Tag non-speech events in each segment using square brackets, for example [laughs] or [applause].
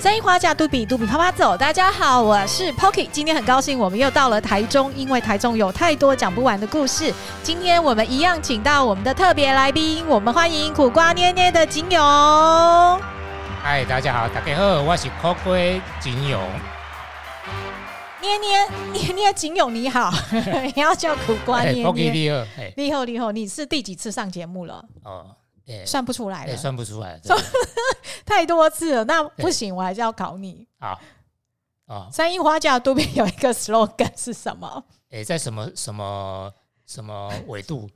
生意花架度比，度比趴趴走。大家好，我是 Poki，今天很高興，我們又到了台中，因為台中有太多講不完的故事。今天我們一樣請到我們的特別來賓，我們歡迎苦瓜捏捏的錦永。嗨，大家好，大家好，我是 Kokoi 錦永。捏捏捏捏景，錦永你好， [laughs] 你要叫苦瓜捏捏。Poki，欸、你好、欸、你好，你好，你是第幾次上節目了？哦算不出來了，欸，算不出來了，太多次了，那不行，對我還是要考你。好，啊，啊，三櫻花家的周邊有一個 slogan 是什麼？誒、欸，在什麼什麼什麼緯度，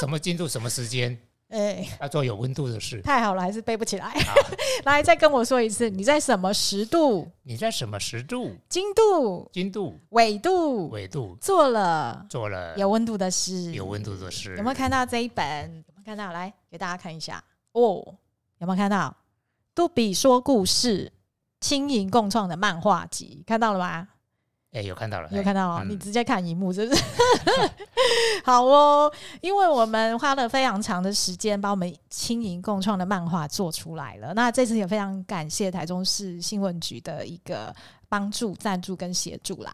什麼進度， [laughs] 度，什麼時間？哎，要、欸啊、做有溫度的事，太好了，還是背不起來。好 [laughs] 來，再跟我說一次，你在什麼十度？你在什麼十度？經度，經度，緯度，緯度，做了，做了，有溫度的事，有溫度的事，有沒有看到這一本？有沒有看到？來給大家看一下哦，有沒有看到？度比說故事，青銀共創的漫畫集，看到了嗎？哎、欸，有看到了，有看到了，嗯、你直接看熒幕是不是、嗯、 [laughs] 好哦。因為我們花了非常長的時間，把我們青銀共創的漫畫做出來了。那這次也非常感謝台中市新聞局的一個幫助、贊助跟協助啦。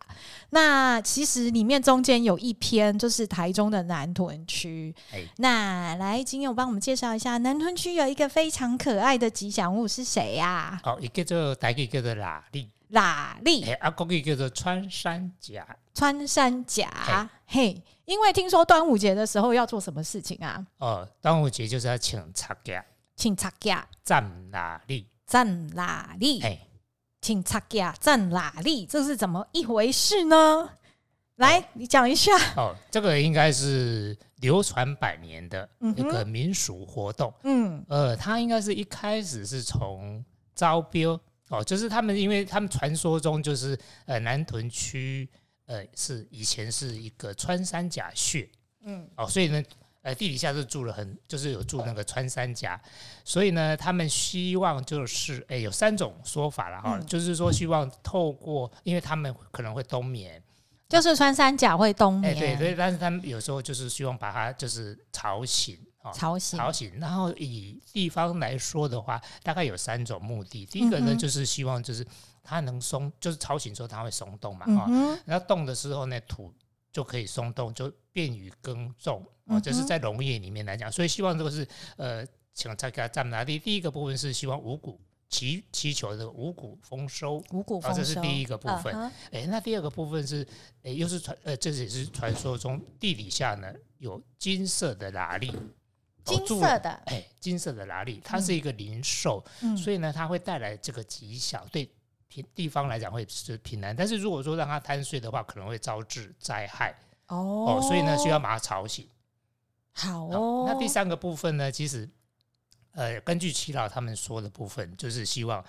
那其實裡面中間有一篇，就是台中的南屯區。欸、那來錦永幫我們介紹一下，南屯區有一個非常可愛的吉祥物是誰呀、啊？哦，一個叫做台語的鯪鯉。哪裡？阿公，啊、國語，叫做穿山甲。穿山甲，嘿、嘿，因為聽說端午節的時候要做什麼事情啊？哦，端午節就是要穿木屐，穿木屐鑽鯪鯉，鑽鯪鯉？哎，穿木屐鑽鯪鯉？這是怎麼一回事呢？來，哦、你講一下。哦，這個應該是流傳百年的一個民俗活動。嗯、嗯，呃，它應該是一開始是從招標。哦，就是他們，因為他們傳說中就是呃南屯區呃是以前是一個穿山甲穴，嗯，哦，所以呢呃地底下是住了很，就是有住那個穿山甲，嗯、所以呢他們希望就是哎、欸、有三種說法了哈，嗯、就是說希望透過，因為他們可能會冬眠，就是穿山甲會冬眠，欸、對對，但是他們有時候就是希望把它就是吵醒。哦、吵，醒吵醒，然後以地方來說的話，大概有三種目的。第一個呢，嗯、哼就是希望就是它能鬆，就是吵醒之後它會鬆動嘛，哈、嗯哼哦。然後動的時候呢，土就可以鬆動，就便於耕種。哦。這是在農業裡面來講，嗯、哼所以希望這個是呃，請大家讚美地。第一個部分是希望五穀祈祈求這個五穀豐收，五穀豐收。這是第一個部分。嗯哼欸。那第二個部分是，哎、欸，又是傳、呃、這也是傳說中地底下呢有金色的鯪鯉。嗯哦、金色的誒，金色的鯪鯉，它是一個靈獸。嗯嗯、所以呢，它會帶來這個極小，對地方來講會是平安，但是如果說讓它貪睡的話，可能會招致災害。哦，哦，所以呢，需要把它吵醒。好、哦，那第三個部分呢，其實，呃，根據耆老他們說的部分，就是希望，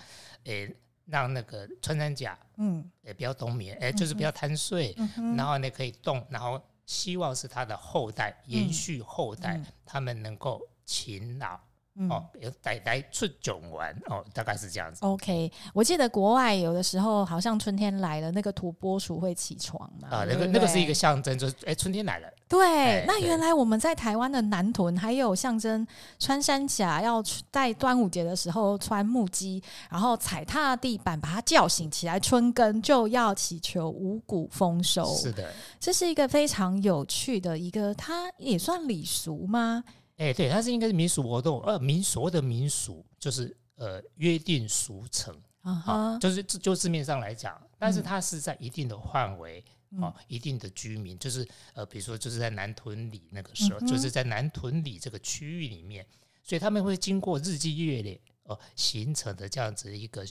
哎，讓那個穿山甲，嗯，也不要冬眠，哎，就是不要貪睡，嗯、哼然後呢，可以動，然後。希望是他的後代，延續後代，嗯嗯、他們能夠勤勞。嗯、哦，有，帶帶出去玩哦，大概是這樣子。OK，我記得國外有的時候好像春天來了，那個土撥鼠會起床嘛。啊，那個對對，那個是一個象徵，就是哎，春天來了。對，哎、那原來我們在台灣的南屯還有象徵穿山甲，要在端午節的時候穿木屐，然後踩踏地板把它叫醒起來，春耕就要祈求五穀豐收。是的，這是一個非常有趣的一個，它也算禮俗嗎？誒、欸，對，它是應該是民俗活動。而、呃、民所謂的民俗就是呃約定俗成，uh huh. 啊就是就字面上來講，但是它是在一定的範圍、嗯啊、一定的居民，就是呃，比如說就是在南屯裡那個時候，嗯、哼就是在南屯裡這個區域裡面，所以他們會經過日積月累哦、呃、形成的這樣子一個。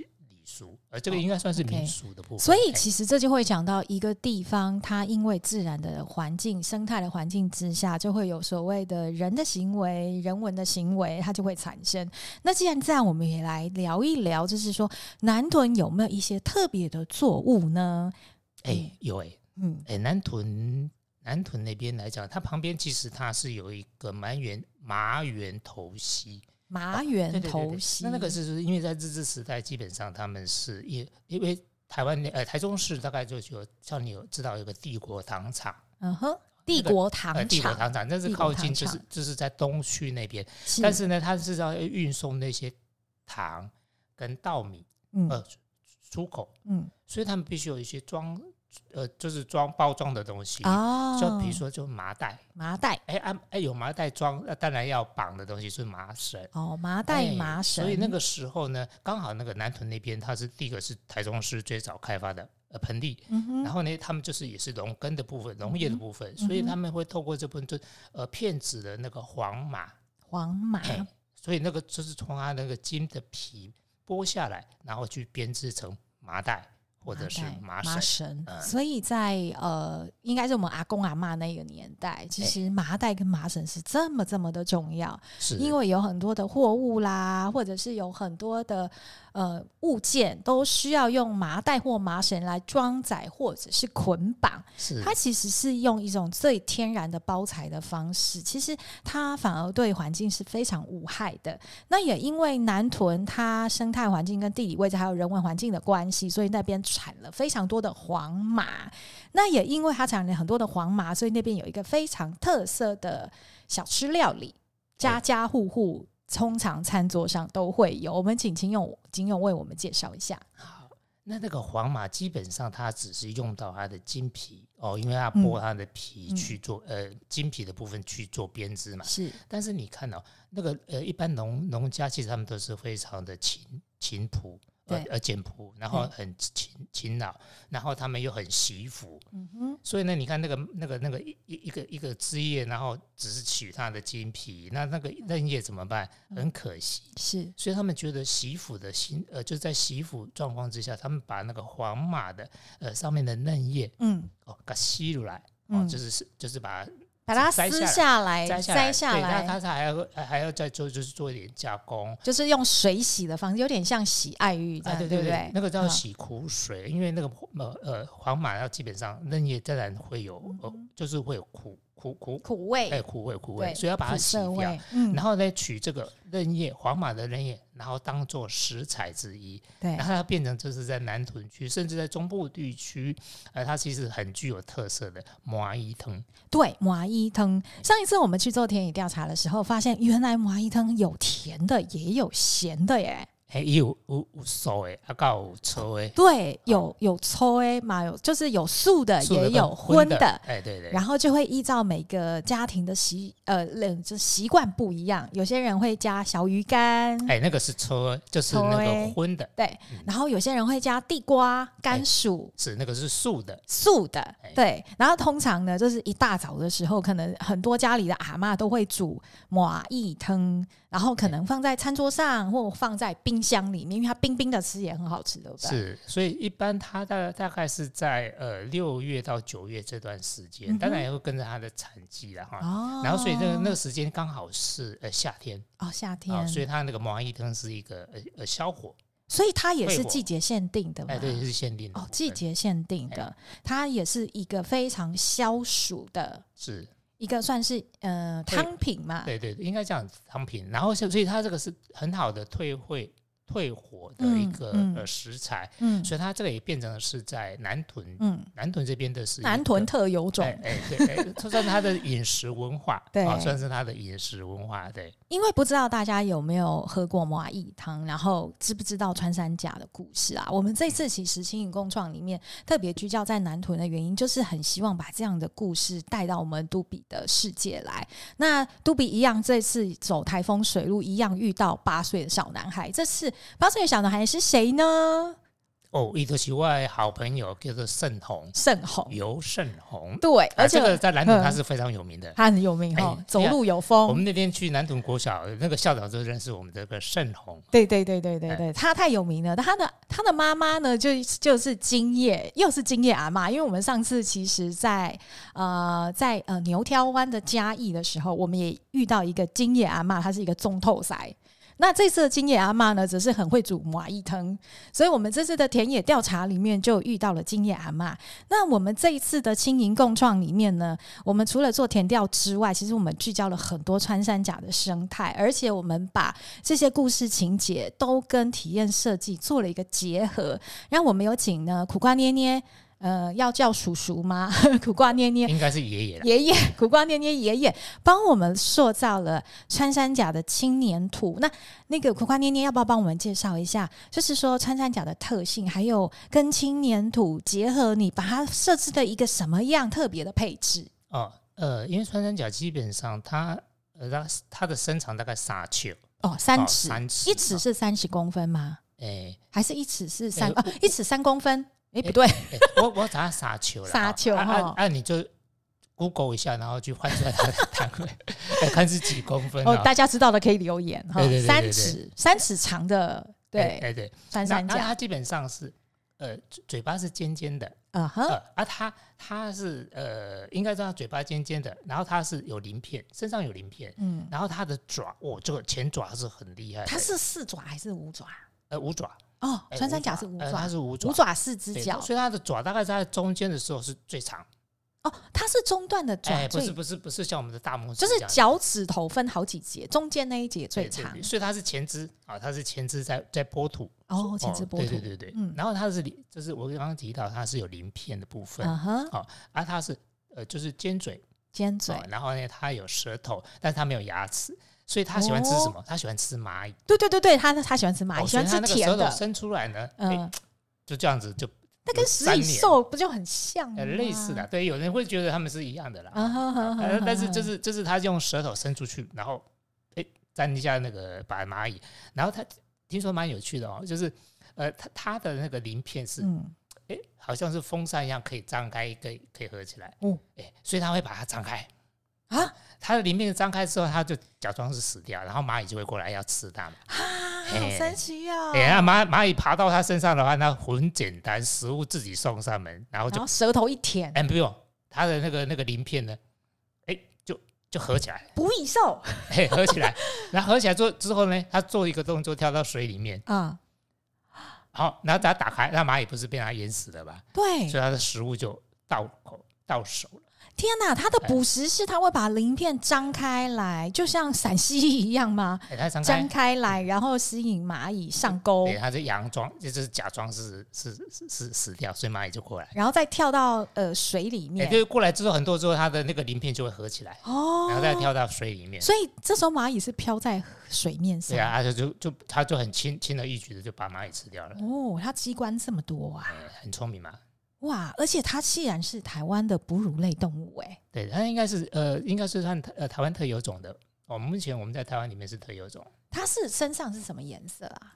俗，這個應該算是民俗的部分、哦 okay，所以其實這就會講到一個地方，它因為自然的環境、生態的環境之下，就會有所謂的人的行為、人文的行為，它就會產生。那既然這樣，我們也來聊一聊，就是說南屯有沒有一些特別的作物呢？哎、嗯欸，有哎、欸，嗯，哎、欸，南屯南屯那邊來講，它旁邊其實它是有一個麻園麻園頭溪。麻園頭溪、啊，那那個是是因為在日治時代，基本上他們是因為因為台灣那呃台中市大概就就，像你有知道有個帝國糖廠，嗯哼，帝國糖，帝國糖廠，那個呃、但是靠近就是就是在東區那邊，是但是呢，它是要運送那些糖跟稻米，嗯、呃，出口，嗯，所以他們必須有一些裝。呃，就是裝包裝的東西就、哦、比如說，就麻袋，麻袋，哎哎、欸欸，有麻袋裝，當然要綁的東西是麻繩哦，麻袋、欸、麻繩神。所以那個時候呢，剛好那個南屯那邊，它是第一個是台中市最早開發的呃盆地，嗯、哼然後呢，他們就是也是農耕的部分，農業的部分，嗯、哼所以他們會透過這部分就呃片子的那個黃麻，黃麻馬、欸，所以那個就是從它那個金的皮剝下來，然後去編織成麻袋。或者是麻繩，所以在呃，應該是我們阿公阿嬤那個年代，其實麻袋跟麻繩是這麼這麼的重要，是的因為有很多的貨物啦，或者是有很多的呃物件，都需要用麻袋或麻繩來裝載或者是捆綁。是的它其實是用一種最天然的包材的方式，其實它反而對環境是非常無害的。那也因為南屯它生態環境跟地理位置還有人文環境的關係，所以那邊。產了非常多的黃麻，那也因為它產了很多的黃麻，所以那邊有一個非常特色的小吃料理，家家戶戶通常餐桌上都會有。我們請錦永，錦永為我們介紹一下。好，那那個黃麻基本上它只是用到它的筋皮哦，因為它剝它的皮去做、嗯、呃筋皮的部分去做編織嘛。是，但是你看到、哦、那個呃，一般農農家其實他們都是非常的勤勤呃，對簡樸，然後很勤、嗯、勤勞，然後他們又很惜福，嗯、哼所以呢，你看那個那個那個一、那個、一個一個,一個枝葉，然後只是取它的莖皮，那那個嫩葉怎麼辦？嗯、很可惜。是，所以他們覺得惜福的心，呃，就是在惜福狀況之下，他們把那個黃麻的呃上面的嫩葉，嗯，哦，給它吸出來，哦，嗯、就是是就是把。把它撕下來，摘下來。對，那它它還要還要再做，就是做一點加工，就是用水洗的方式，有點像洗愛玉這樣，啊、對，對，對，對不對？那個叫洗苦水，哦、因為那個呃呃黃麻要基本上嫩葉自然會有、嗯哼呃，就是會有苦。苦苦苦味，哎、欸，苦味苦味，對所以要把它洗掉，苦嗯、然後再取這個嫩葉，黃麻的嫩葉，然後當做食材之一。對，然後它變成就是在南屯區，甚至在中部地區，呃，它其實很具有特色的麻芛湯。對，麻芛湯。上一次我們去做田野調查的時候，發現原來麻芛湯有甜的，也有鹹的耶。哎，有有無所謂，它有抽誒。有有素的對，有有抽誒嘛，有就是有素的，素的的也有葷的。哎、欸，對對，對。然後就會依照每個家庭的習，呃，人就習慣不一樣。有些人會加小魚乾，哎、欸，那個是抽，就是那個葷的。的對。然後有些人會加地瓜、甘薯，欸、是那個是素的，素的。對。然後通常呢，就是一大早的時候，可能很多家裡的阿嬤都會煮麻芛湯。然後可能放在餐桌上，對或放在冰箱裡面，因為它冰冰的吃也很好吃對不對？是，所以一般它的大、大概是在呃六月到九月這段時間，嗯、哼當然也會跟着它的產季了哈。哦、然後所以那、這個那個時間剛好是呃夏天。哦，夏天、哦。所以它那個麻芛羹是一個呃呃消火，所以它也是季節限定的。哎、呃，對，是限定的。哦，季節限定的，對它也是一個非常消暑的。是。一個算是呃對湯品嘛對，對對，應該這樣子湯品，然後像所以它這個是很好的退會。退火的一個食材，嗯嗯、所以它這個也變成了是在南屯，嗯、南屯這邊的是南屯特有種，哎，哎，對，算是它的飲食文化，對，算是他的飲食文化，對。因為不知道大家有沒有喝過麻芛湯，然後知不知道穿山甲的故事啊？我們這次其實青銀共創裡面特別聚焦在南屯的原因，就是很希望把這樣的故事帶到我們度比的世界來。那度比一樣，這次走台風水路一樣遇到八歲的小男孩，這次。八歲小男孩是誰呢？哦，一德西外好朋友叫做勝宏，勝宏、游勝宏，勝宏對，呃、而且這個在南屯他是非常有名的，嗯、他很有名哦，哎、走路有風。我們那天去南屯國小，那個校長就認識我們這個勝宏，對對對對對對，哎、他太有名了。他的他的媽媽呢，就就是金葉，又是金葉阿嬤，因為我們上次其實在、呃，在呃在呃牛挑灣的嘉義的時候，嗯、我們也遇到一個金葉阿嬤，她是一個中透腮。那這次的金葉阿嬤呢，則是很會煮麻芛湯。所以我們這次的田野調查裡面就遇到了金葉阿嬤。那我們這一次的青銀共創裡面呢，我們除了做田調之外，其實我們聚焦了很多穿山甲的生態，而且我們把這些故事情節都跟體驗設計做了一個結合，讓我們有請呢苦瓜捏捏。呃，要叫叔叔嗎？ [laughs] 苦瓜捏捏應該是爺爺，爺爺苦瓜捏捏爺爺幫我們塑造了穿山甲的輕黏土。那那個苦瓜捏捏要不要幫我們介紹一下？就是說穿山甲的特性，還有跟輕黏土結合，你把它設置的一個什麼樣特別的配置？哦，呃，因為穿山甲基本上它呃它它的身長大概三尺哦，三尺，三尺，一尺是三十公分嗎？哎、欸，還是一尺是三、欸哦、一尺三公分？哎，不對，我我怎樣撒球了？撒球哈，那你就 Google 一下，然後去換算它的單位，看是幾公分。哦，大家知道的可以留言哈。三尺三尺長的，對，哎對，三三他基本上是，呃，嘴巴是尖尖的，呃，而它它是呃，應該說嘴巴尖尖的，然後它是有鱗片，身上有鱗片，嗯，然後它的爪，哦，這個前爪是很厲害。它是四爪還是五爪？五爪。哦，穿山甲是五爪，它是五爪，五爪四隻腳，所以它的爪大概在中間的時候是最長。哦，它是中段的爪，不是不是不是像我們的大拇指，就是腳趾頭分好幾節，中間那一節最長，所以它是前肢啊，它是前肢在在刨土。哦，前肢刨土，對對對，然後它是就是我剛剛提到它是有鱗片的部分，啊哈。哦，而它是呃，就是尖嘴，尖嘴，然後呢，它有舌頭，但它沒有牙齒。所以他喜歡吃什麼？哦、他喜歡吃螞蟻。對對對對，他他喜歡吃螞蟻，喜歡吃那個舌頭伸出來呢，呃欸、就這樣子就。那跟食蟻獸不就很像，啊？類似、呃、的，對，有人會覺得它們是一樣的啦。但是就是就是，他用舌頭伸出去，然後哎粘、欸、一下那個把螞蟻，然後他聽說蠻有趣的哦，就是呃，他他的那個鱗片是哎、嗯欸，好像是風扇一樣，可以張開，可以可以合起來。嗯，哎、欸，所以他會把它張開。啊，它的鱗片張開之後，它就假裝是死掉，然後螞蟻就會過來要吃它嘛。啊，欸、好神奇啊、哦！等下螞螞蟻爬到它身上的話，那很簡單，食物自己送上門，然後就然後舌頭一舔。哎、欸，不用，它的那個那個鱗片呢，哎、欸，就就合起來。捕蟻獸，嘿、欸，合起來， [laughs] 然後合起來之之後呢，它做一個動作，跳到水裡面啊。嗯、好，然後它打開，那螞蟻不是被它淹死了吧？對，所以它的食物就到口到手了。天哪！它的捕食是它會把鱗片張開來，就像傘蜥一樣嗎？張、欸、開，開來，然後吸引螞蟻上鈎。它是佯裝，就是假裝是是是，是，是死掉，所以螞蟻就過來，然後再跳到呃水裡面、欸。對，過來之後很多之後，它的那個鱗片就會合起來哦，然後再跳到水裡面。所以這時候螞蟻是漂在水面上。對啊，它就就它就很輕輕而易舉的就把螞蟻吃掉了。哦，它機關這麼多啊！嗯、很聰明嘛。哇！而且它既然是台灣的哺乳類動物、欸，誒，對，它應該是呃，應該是算呃台灣特有種的。哦，目前我們在台灣裡面是特有種。它是身上是什麼顏色啊？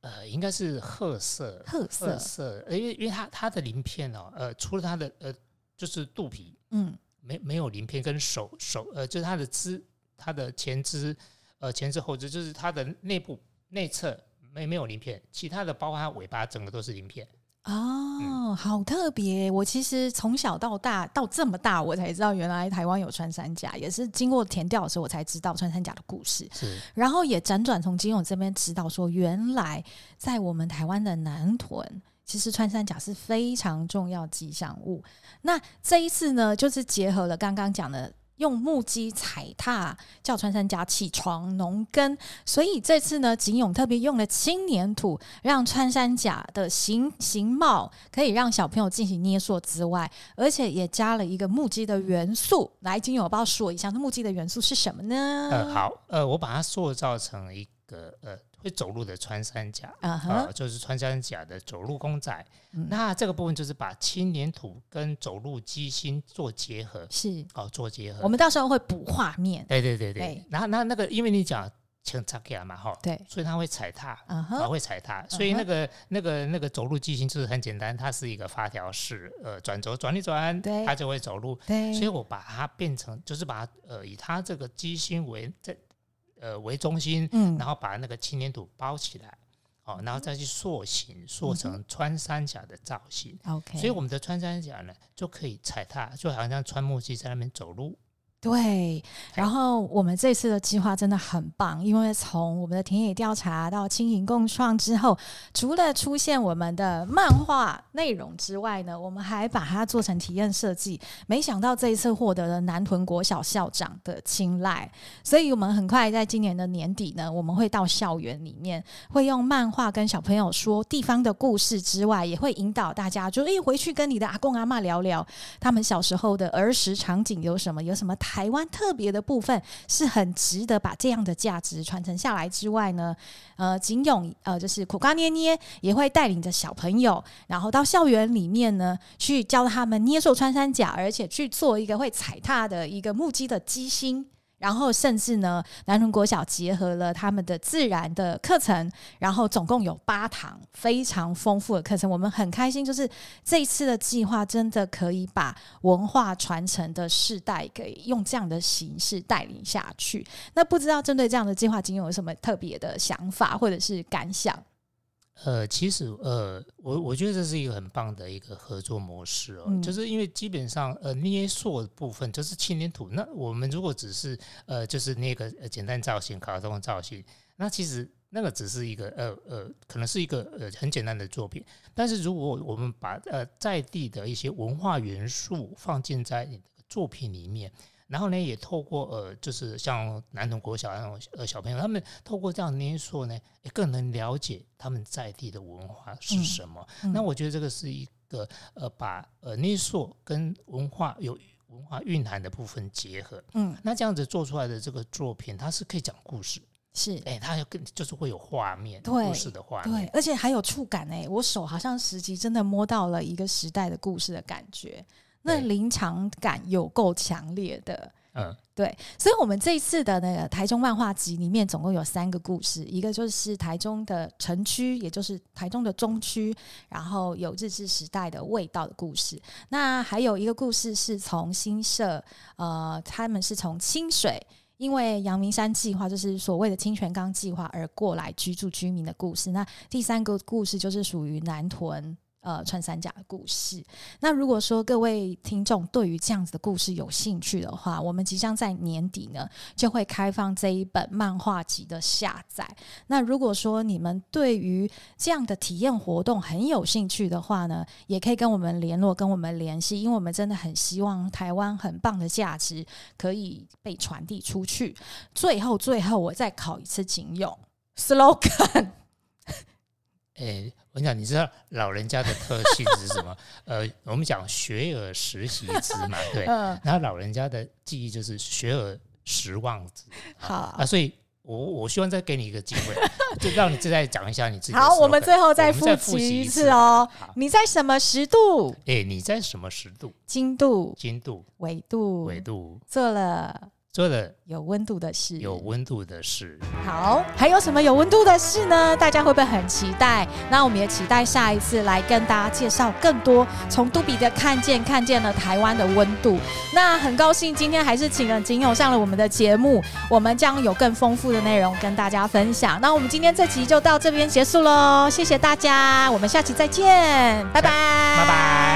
呃，應該是褐色，褐色褐色、呃。因為因為它它的鱗片哦，呃，除了它的呃就是肚皮，嗯，沒沒有鱗片，跟手手呃，就是它的肢，它的前肢，呃，前肢後肢，就是它的內部內側沒沒有鱗片，其他的包括它尾巴整個都是鱗片。哦，嗯、好特別！我其實從小到大到這麼大，我才知道原來台灣有穿山甲，也是經過田調的時候我才知道穿山甲的故事。是然後也輾轉從錦永這邊知道說，原來在我們台灣的南屯，其實穿山甲是非常重要吉祥物。那這一次呢，就是結合了剛剛講的。用木屐踩踏，叫穿山甲起床農耕。所以這次呢，錦永特別用了輕黏土，讓穿山甲的形形貌可以讓小朋友進行捏塑之外，而且也加了一個木屐的元素。來，錦永，我幫我說一下，那木屐的元素是什麼呢？呃，好，呃，我把它塑造成一個。個呃會走路的穿山甲啊，就是穿山甲的走路公仔。那這個部分就是把輕黏土跟走路機芯做結合，是哦做結合。我們到時候會補畫面。對對對對。然後那那個，因為你講穿山甲嘛，哈，對，所以他會踩踏，然後會踩踏，所以那個那個那個走路機芯就是很簡單，它是一個發條式呃轉軸轉一轉，它就會走路。對，所以我把它變成就是把它呃以它這個機芯為呃，為中心，然後把那個輕黏土包起來，嗯、哦，然後再去塑形，塑成穿山甲的造型。嗯、所以我們的穿山甲呢，就可以踩踏，就好像穿木屐在那邊走路。對，對，然後我們這次的計劃真的很棒，因為從我們的田野調查到青銀共創之後，除了出現我們的漫畫內容之外呢，我們還把它做成體驗設計。沒想到這一次獲得了南屯國小校長的青睞，所以我們很快在今年的年底呢，我們會到校園裡面，會用漫畫跟小朋友說地方的故事之外，也會引導大家，就一回去跟你的阿公阿嬤聊聊，他們小時候的兒時場景有什麼，有什麼台灣特別的部分是很值得把這樣的價值傳承下來之外呢，呃，錦永呃就是苦瓜捏捏也會帶領着小朋友，然後到校園裡面呢去教他們捏塑穿山甲，而且去做一個會踩踏的一個木屐的機芯。然後，甚至呢，南屯國小結合了他們的自然的課程，然後總共有八堂非常豐富的課程。我們很開心，就是這一次的計劃真的可以把文化傳承的世代給，給用這樣的形式帶領下去。那不知道針對這樣的計劃，錦永有什麼特別的想法或者是感想？呃，其實呃，我我覺得這是一個很棒的一個合作模式哦，就是因為基本上呃捏塑的部分就是輕黏土，那我們如果只是呃就是捏個簡單造型，卡通造型，那其實那個只是一個呃呃，可能是一個呃很簡單的作品，但是如果我們把呃在地的一些文化元素放進在你的作品裡面。然後呢，也透過呃，就是像南屯國小那種呃小朋友，他們透過這樣的捏塑呢，也更能了解他們在地的文化是什麼。嗯嗯、那我覺得這個是一個呃，把呃捏塑跟文化有文化蘊含的部分結合。嗯，那這樣子做出來的這個作品，它是可以講故事，是，欸、它有更就是會有畫面，對故事的畫面，對，而且還有觸感、欸、我手好像實際真的摸到了一個時代的故事的感覺。那臨場感有夠強烈的，嗯，對，所以，我們這一次的那個台中漫畫集裡面，總共有三個故事，一個就是台中的城區，也就是台中的中區，然後有日治時代的味道的故事；那還有一個故事是從新社，呃，他們是從清水，因為陽明山計劃，就是所謂的清泉崗計劃而過來居住居民的故事；那第三個故事就是屬於南屯。呃，穿山甲的故事。那如果說各位聽眾對於這樣子的故事有興趣的話，我們即將在年底呢就會開放這一本漫畫集的下載。那如果說你們對於這樣的體驗活動很有興趣的話呢，也可以跟我們聯絡，跟我們聯繫，因為我們真的很希望台灣很棒的價值可以被傳遞出去。最後，最後，我再考一次錦永 slogan。哎，我跟你講，你知道老人家的特性是什麼？呃，我們講學而時習之嘛，對。然後老人家的記憶就是學而時忘之。好啊，所以我我希望再給你一個機會，就讓你再講一下你自己。好，我們最後再複習一次哦。你在什麼時度？哎，你在什麼時度？經度？經度？緯度？緯度？做了，做的有溫度的事，有溫度的事。好，還有什麼有溫度的事呢？大家會不會很期待？那我們也期待下一次來跟大家介紹更多從度比的看見，看見了台灣的溫度。那很高興今天還是請了錦永上了我們的節目，我們將有更豐富的內容跟大家分享。那我們今天這集就到這邊結束嘍，謝謝大家，我們下期再見，下拜拜，拜拜。